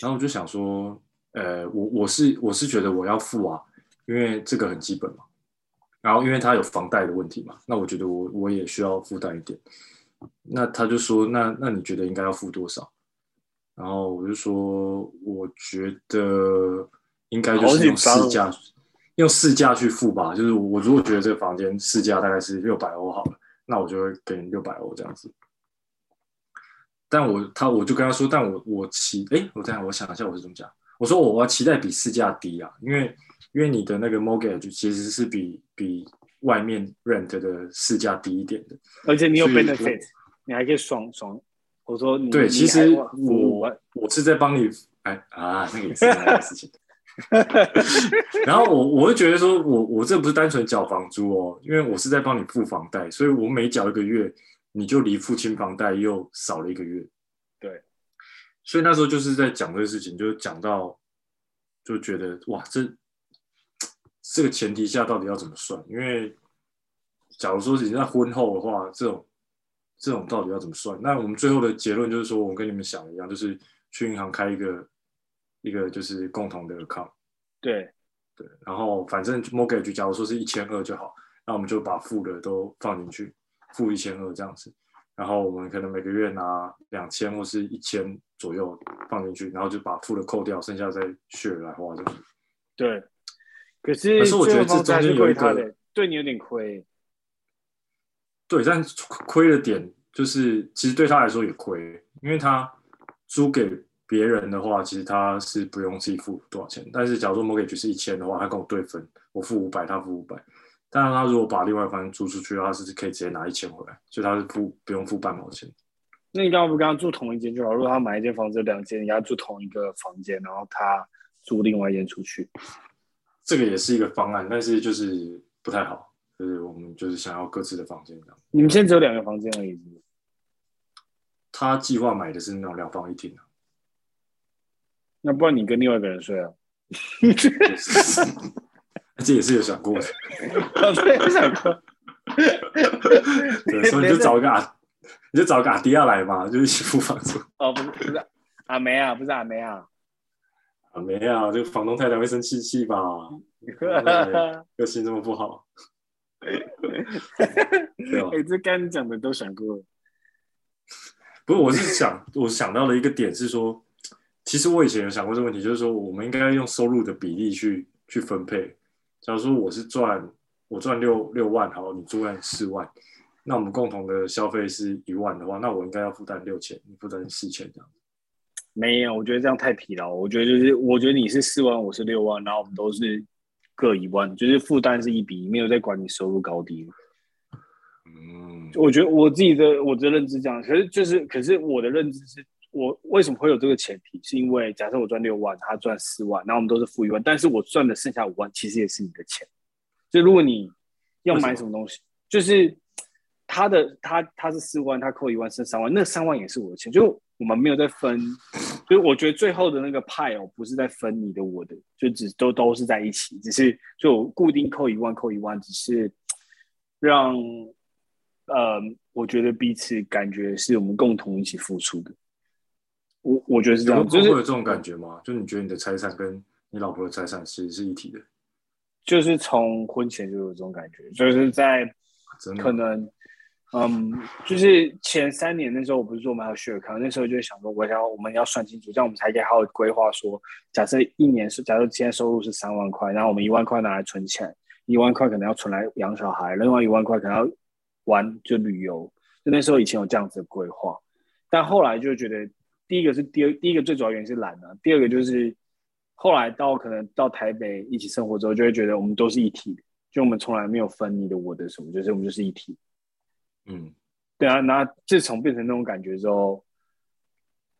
然後我就想說，呃，我我是我是覺得我要付啊，因為這個很基本嘛。然後因為他有房貸的問題嘛，那我覺得我我也需要負擔一點。那他就說，那那你覺得應該要付多少？然後我就說，我覺得。應該就是用市價，用市價去付吧。就是我，我如果覺得這個房間市價大概是六百歐好了，那我就會給你六百歐這樣子。但我他我就跟他說，但我我期哎、欸，我這樣我想一下我是怎麼講。我說我我期待比市價低啊，因為因為你的那個 mortgage 其實是比比外面 rent 的市價低一點的，而且你有 benefit，你還可以爽爽。我說你對，其實我我是在幫你哎啊那個也是那個事情。 然後我我會覺得說我，我我這不是單純繳房租哦，因為我是在幫你付房貸，所以我每繳一個月，你就離付清房貸又少了一個月。對，所以那時候就是在講這個事情，就講到就覺得哇，這這個前提下到底要怎麼算？因為假如說你在婚後的話，這種這種到底要怎麼算？那我們最後的結論就是說，我跟你們想的一樣，就是去銀行開一個。一個就是共同的 account，對，對，然後反正 mortgage，假如說是一千二就好，那我們就把負的都放進去，負一千二這樣子，然後我們可能每個月拿兩千或是一千左右放進去，然後就把負的扣掉，剩下再 share 來花這樣，對。對，可是，可是我覺得這中間有一個對你有點虧，對，但虧的點就是其實對他來說也虧，因為他租給。別人的話，其實他是不用自己付多少錢。但是，假如說 mortgage 是一千的話，他跟我對分，我付五百，他付五百。當然他如果把另外一間租出去的話，他是可以直接拿一千回來，所以他是付不，不用付半毛錢。那你剛剛不是跟他住同一間就好？如果他買一間房子，兩間你要住同一個房間，然後他租另外一間出去，這個也是一個方案，但是就是不太好。就是我們就是想要各自的房間。你們現在只有兩個房間而已是不是？他計劃買的是那種兩房一廳的、啊。那不然你跟另外一個人睡啊？ 這也是有想過的，啊、 哦，對，不想過。 對，所以就找一個啊，你就找個阿迪亞、啊、來嘛，就是一起付房租。哦，不是，不是阿梅啊，不是阿梅啊，阿梅啊，啊，就房東太太會生氣氣吧？個性這麼不好， 對吧？哎、欸，這剛講的都想過。不是，我是想，我想到了一個點，是說。其實我以前有想過這個問題，就是說我們應該要用收入的比例去去分配。假如說我是賺，我賺六六萬，好，你賺四萬，那我們共同的消費是一萬的話，那我應該要負擔六千，你負擔四千這樣。沒有，我覺得這樣太疲勞。我覺得就是，我覺得你是四萬，我是六萬，然後我們都是各一萬，就是負擔是一比一，沒有在管你收入高低。嗯，我覺得我自己的我的認知這樣，可是就是，可是我的認知是。我為什麼會有這個前提？是因為假設我賺六萬，他賺四萬，那我們都是付一萬。但是我賺的剩下五萬，其實也是你的錢。就如果你要買什麼東西，就是他的他他是四萬，他扣一萬剩三萬，那三萬也是我的錢。就我們沒有在分，所以我覺得最後的那個派哦，不是在分你的我的，就只都都是在一起，只是就我固定扣一萬扣一萬，只是讓呃，我覺得彼此感覺是我們共同一起付出的。我我覺得是這樣子，你會，會有這種感覺嗎？就你覺得你的財產跟你老婆的財產是是一體的？就是從婚前就有這種感覺，就是在、啊、可能，嗯，就是前三年那時候，我不是做買手血，可能那時候就想說，我想我們要算清楚，這樣我們才好好規劃說，假設一年是，假設今天收入是三萬塊，然後我們一萬塊拿來存錢，一萬塊可能要存來養小孩，另外一萬塊可能要玩，就旅遊。就那時候以前有這樣子的規劃，但後來就覺得。第一個是第二，第一個最主要原因是懶呢、啊。第二個就是後來到可能到台北一起生活之後，就會覺得我們都是一體的，就我們從來沒有分你的我的什麼，就是我們就是一體。嗯，對啊。那自從變成那種感覺之後，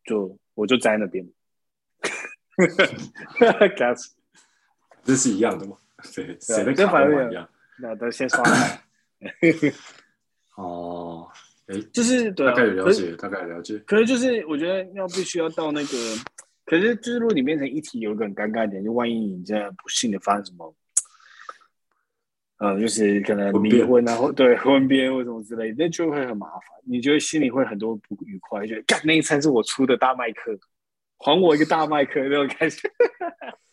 就我就在那邊。哈 這是一樣的嗎？ 對，誰的卡不一樣？那都先刷。哦。就是對、啊、大概有了解，是大概有了解。可是就是我覺得要必須要到那個，可是就是如果你變成一體，有個很尷尬一點，就萬一你這樣不幸的發生什麼，呃，就是可能離婚啊，別對婚變，或什麼之類，那就會很麻煩。你覺得心裡會很多不愉快，覺得幹那一餐是我出的大麥克，還我一個大麥克那種感覺。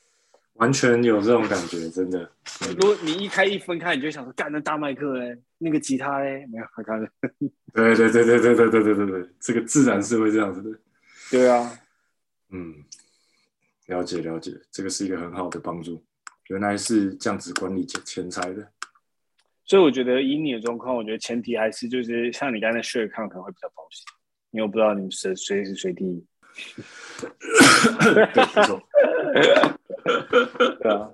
完全有這種感覺，真的。如果你一開一分開，你就想說，干那大麥克嘞，那個吉他嘞，沒有他幹的。對對對對對對對對對對，這個自然是會這樣子的。對啊，嗯，了解了解，這個是一個很好的幫助。原來是這樣子管理錢錢財的。所以我覺得，以你的狀況，我覺得前提還是就是像你剛才說的，看可能會比較保險，因為我不知道你們誰隨時隨地。 對，沒錯。 對啊，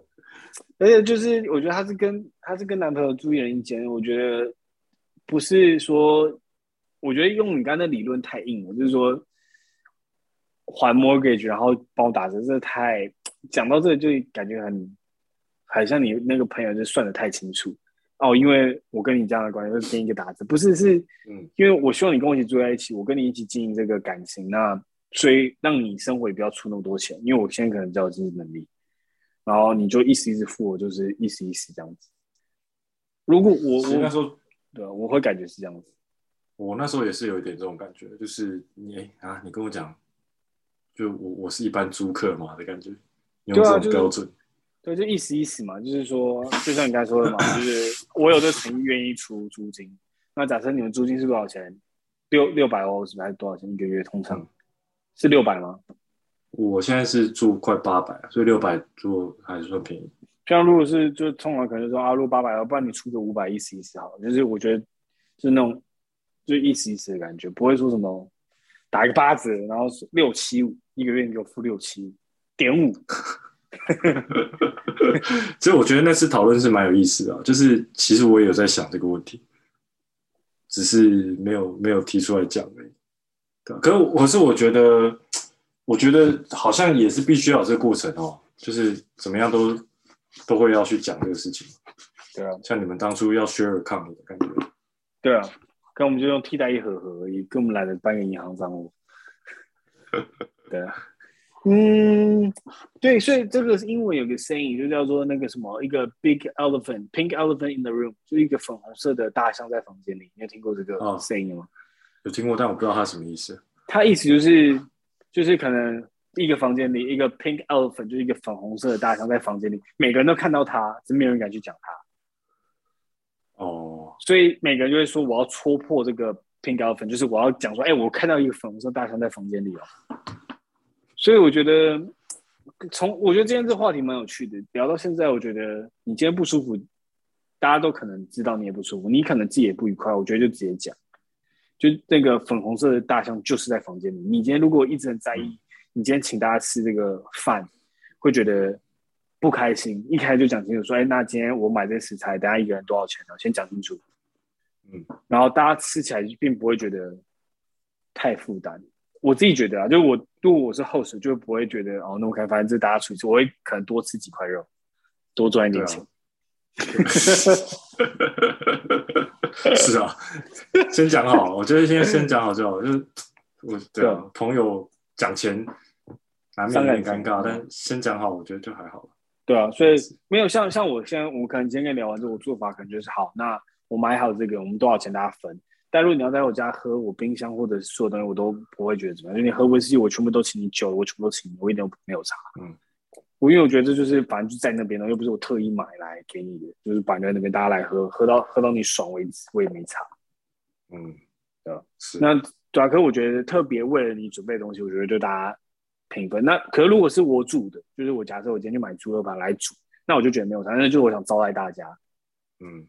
而且就是我覺得她是跟她是跟男朋友住一人一間，我覺得不是說，我覺得用你剛才的理論太硬了，就是說還 mortgage，然後幫我打折，這太講到這就感覺很，好像你那個朋友就算的太清楚哦，因為我跟你這樣的關係會跟一個打折，不是是，嗯，因為我希望你跟我一起住在一起，我跟你一起經營這個感情，那所以讓你生活也不要出那麼多錢，因為我現在可能只有經濟能力。然後你就意思意思付，就是意思意思這樣子。如果我我那時候，對，我會感覺是這樣子。我那時候也是有一點這種感覺，就是你啊，你跟我講，就我我是一般租客嘛的感覺，有這種標準對、啊就是？對，就意思意思嘛，就是說，就像你剛才說的嘛，就是我有這誠意願意出租金。 那假設你們租金是多少錢？六六百歐是，是還是多少錢一個月？通常、嗯、是六百嗎？我現在是住快八百，所以六百住還是算便宜。像如果是就通常可能說啊，住八百，要不然你出個五百意思意思好。就是我覺得，就是那種，就是意思意思的感覺，不會說什麼打一個八折，然後六七五一個月你給我付六七五點五。所 以 我覺得那次討論是蠻有意思的，就是其實我也有在想這個問題，只是沒有沒有提出來講而已。對，可是我是我覺得。我覺得好像也是必須要有這個過程哦，就是怎麼樣都都會要去講這個事情。對啊，像你們當初要 share account 的感覺。對啊，跟我們就用替代一盒盒，跟我們來的辦個銀行賬戶。 對啊，嗯，對，所以這個是英文有個 saying 就叫做那個什麼，一個 big elephant，pink elephant in the room，就一個粉紅色的大象在房間裡。你有聽過這個聲音 saying 嗎？有聽過，但我不知道它什麼意思。它意思就是。就是可能一個房間裡一個 pink elephant，就是一個粉紅色的大象在房間裡，每個人都看到它，就沒有人敢去講它。哦，所以每個人就會說我要戳破這個 pink elephant，就是我要講說，哎，我看到一個粉紅色大象在房間裡哦。所以我覺得，從我覺得今天這話題蠻有趣的，聊到現在，我覺得你今天不舒服，大家都可能知道你也不舒服，你可能自己也不愉快，我覺得就直接講。就那個粉紅色的大象就是在房間裡。你今天如果一直很在意，你今天請大家吃這個飯，會覺得不開心。一開就講清楚，說：“哎，那今天我買這食材，等一下一個人多少錢呢、啊？”先講清楚。嗯，然後大家吃起來就並不會覺得太負擔。我自己覺得啊，就是我如果我是 host 就不會覺得哦，那麼開，反正這大家出去吃，我會可能多吃幾塊肉，多賺一點錢。對啊 是啊， 先講好， 我覺得現在先講好就好，就是我對啊，對朋友講錢難免有點尷尬，但先講好，我覺得就還好對啊，所以沒有像像我現在，我可能今天跟你聊完之後，我做法，可能就是好。那我買好這個，我們多少錢大家分。但如果你要在我家喝，我冰箱或者所有的東西我都不會覺得怎麼樣。就是、你喝威士忌，我全部都請你酒，我全部都請你，我一點都沒有差。嗯。我因為我覺得這就是反正就在那邊了，又不是我特意買來給你的，就是擺在那邊大家來喝，喝到喝到你爽為止，我也沒差。嗯，對、啊，是那主要、啊、可是我覺得特別為了你準備的東西，我覺得就大家平分。那可是如果是我煮的，就是我假設我今天去買豬肉板來煮，那我就覺得沒有差，那就是我想招待大家。嗯，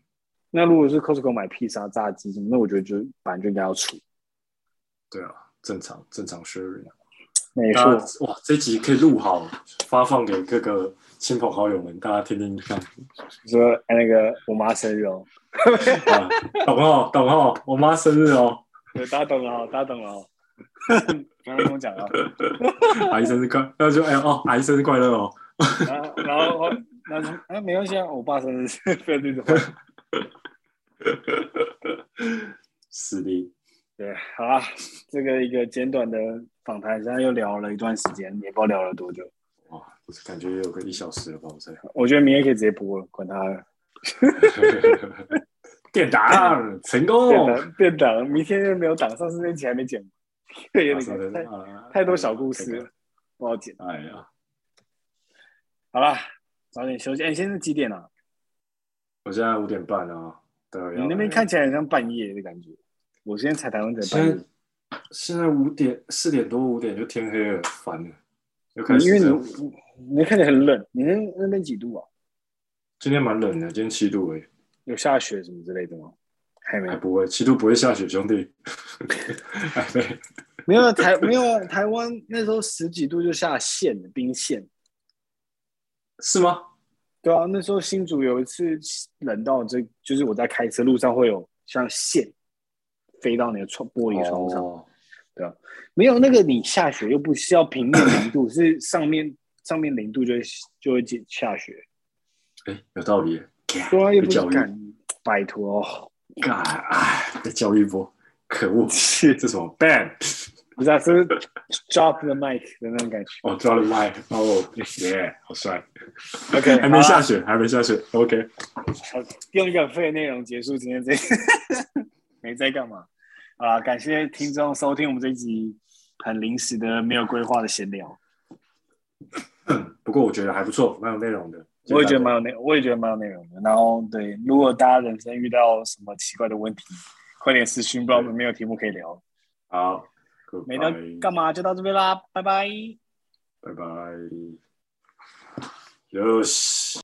那如果是 Costco 買披薩、炸雞什麼，那我覺得就反正就應該要出。對啊，正常正常 s 沒錯，哇！這集可以錄好，發放給各個親朋好友們，大家聽聽看。你說那個我媽生日哦，等 浩，啊，等浩，我媽生日哦，大家懂了哦，大家懂了哦、 嗯，剛剛跟我講了，阿姨生日快，然後說哎哦，阿姨生日快樂哦， 然後然後那哎沒關係，啊，我爸生日，對對對，是的，對，好啊，這個一個簡短，短的。訪談現在又聊了一段時間，也不知道聊了多久。哇，感覺也有個一小時了吧？我在，我覺得明天可以直接播了，管他。墊檔成功，墊檔，明天又沒有檔。上次那期還沒剪，對，有點、啊、 太、啊、太，太多小故事、哎、呀不好剪。哎呀，好了，早點休息。哎，現在幾點了？我現在五點半了哦。對你那邊看起來很像半夜的感覺。我現在才談完才半夜。現在五點四點多，五點就天黑了，煩了，有可能，因為你，你看起來很冷，你們那,那邊幾度啊？今天蠻冷的，今天七度哎。有下雪什麼之類的嗎？還沒還不會，七度不會下雪，兄弟。 沒,沒有台，沒有台灣那時候十幾度就下線冰線。是嗎？對啊，那時候新竹有一次冷到這就是我在開車路上會有像線。飛到你的窗玻璃窗上，oh. 對，沒有那個你下雪又不需要平面零度， 是上面上面零度就會就會結下雪，欸。有道理。突又不敢擺脫 God 再教一波，可惡！ 這是什麼 band？這是、啊、是，是 drop the mic 的那種感覺。哦，drop、oh, the mic 哦，耶，好帥。OK，還沒下雪，還沒下雪。OK，好，用一個廢內容結束今天這。 沒在幹嘛啊！感謝聽眾收聽我們這一集很臨時的、沒有規劃的閒聊。 不過我覺得還不錯，蠻有內容的。我也覺得蠻有內，我也覺得蠻有內容的。然後，對，如果大家人生遇到什麼奇怪的問題，快點私訊，對不然我們沒有題目可以聊。好，對 bye 沒在幹嘛就到這邊啦，拜拜，拜拜，喲西。